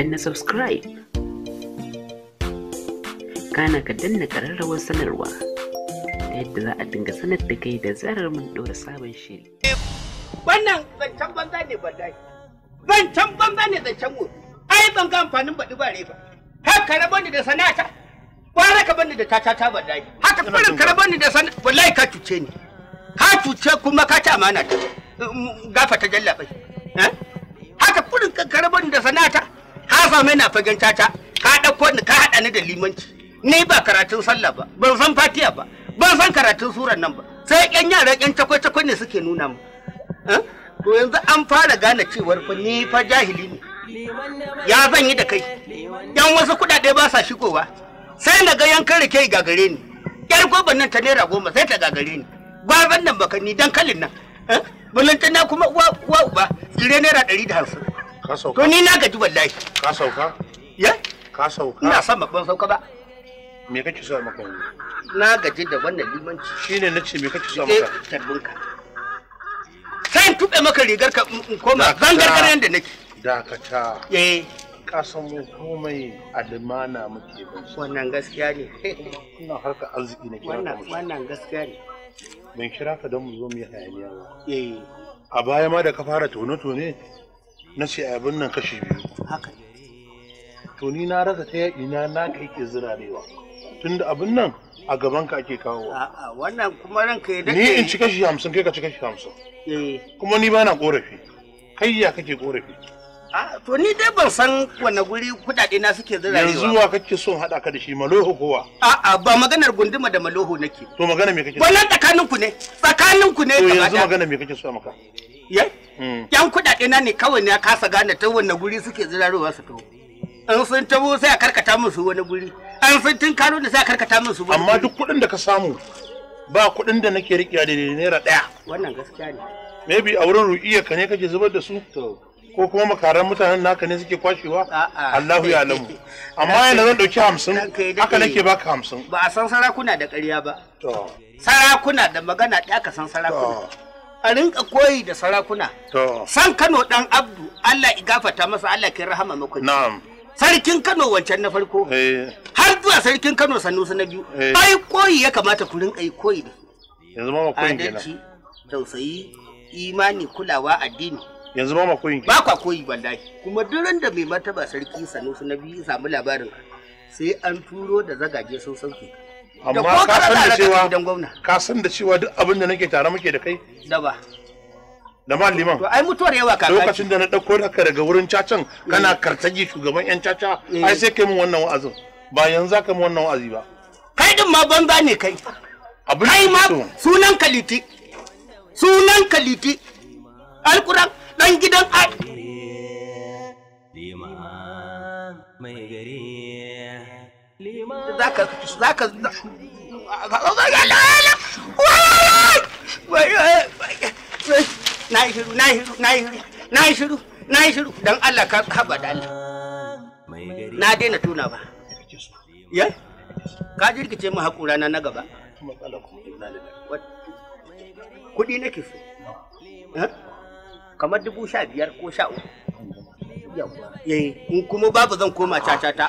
danna subscribe kana ka danna ƙararrawar sanarwa ta yadda za a dinga sanar da kai da zarar mun ɗora sabon shiri. Eh, wannan zancen banza ne dai. Zancen banza ne zancen wofi. Ai ban ga amfanin baɗi ba rai ba. Haka ni da sana'ata. Bara ka bani da ta ta ta ba dai. Haka furin ka ni da sana'ata. Wallahi ka cuce ni. Ka cuce kuma ka ci amana ta. Mm, mm, gafa ta jallaɓai. Eh? Haka furin ka ni da sana'ata. ka same na fagen caca ka ɗauko ni ka haɗa ni da limanci ni ba karatun sallah ba ban san fatiya ba ban san karatun suran nan ba sai ƴan yara ƴan cakwai-cakwai ne suke nuna mu eh? to yanzu an fara gane cewar fa ni fa jahili ne ya zan yi da kai yan wasu kuɗaɗe ba sa shigowa sai na ga yankan rike gagare ni yar gobe nan ta naira goma sai ta gagare ni gwaban nan baka ni dankalin nan eh? bulantana kuma uwa uwa uba tsire naira ɗari da hamsin ka sauka to ni na gaji wallahi ka sauka ya ka sauka ina son ban sauka ba me kake so maka yanzu na gaji da wannan limanci shine nace me kake so maka tabbinka sai in tube maka rigar ka in koma zangar garan da nake dakata eh ka san mu komai a limana muke ba wannan gaskiya ne ina harka arziki ne wannan wannan gaskiya ne ban kira ka don mu zo mu yi hayaniya ba eh. a baya ma da ka fara tone-tone na ce abin nan kashi biyu haka to ni na rasa ta ina na kai ke zirarewa tunda abin nan a gaban ka ake kawo wannan kuma ranka ya ni in ci kashi 50 kai ka ci kashi 50 eh kuma ni ba na korafi kai ya kake korafi a to ni dai ban san wani guri kudade na suke zirarewa yanzu wa kake son hada ka da shi maloho kowa a'a ba maganar gunduma da maloho nake to magana me kake so wannan tsakanin ku ne tsakanin ku ne to yanzu magana me kake so maka ye yan kuɗaɗe na ne kawai na kasa gane ta wanne guri suke zirarowa su kawo an sun tabo sai a karkata musu wani guri an sun tun karo da sai a karkata musu wani amma duk kuɗin da ka samu ba kuɗin da nake riƙe da naira ɗaya wannan gaskiya ne maybe a wurin ru'iya ka ne kake zubar da su ko kuma makaran mutanen naka ne suke kwashewa Allahu ya alamu amma yana zan dauki hamsin haka nake baka hamsin ba a san sarakuna da ƙarya ba sarakuna da magana ɗaya ka san sarakuna a rinka koyi da sarakuna. To. San Kano dan Abdu, Allah i gafata masa Allah kin rahama makwai. Na'am. Sarkin Kano wancan na farko. Eh. Har zuwa sarkin Kano Sanusi na biyu. Eh. Ai koyi ya kamata ku rinka yi koyi da. Yanzu ma koyin kenan. Adalci, tausayi, imani, kulawa, addini. Yanzu ma koyin Ba kwa koyi wallahi. Kuma duran da mai martaba sarki Sanusi na biyu samu labarin sai an turo da zagaje sun sauke. amma ka san da cewa ka san da cewa duk abin da nake tare muke da kai da ba da malliman to ai mutuwar yawa ka lokacin da na dauko ka daga wurin cacan kana eh. kartaji shugaban yan caca eh. ai sai kai mun wannan wa'azin ba yanzu ka mun wannan wa'azi ba kai din ma banza ne kai abin kai ma sunan kaliti sunan kaliti alquran dan gidan ai mai gari na yi shiru na yi shiru na yi shiru na yi shiru don Allah ka haba da Allah na daina tuna ba ya ka jirkice mu haƙura na na gaba kuɗi nake so kamar dubu sha biyar ko sha uku in kuma babu zan koma cacata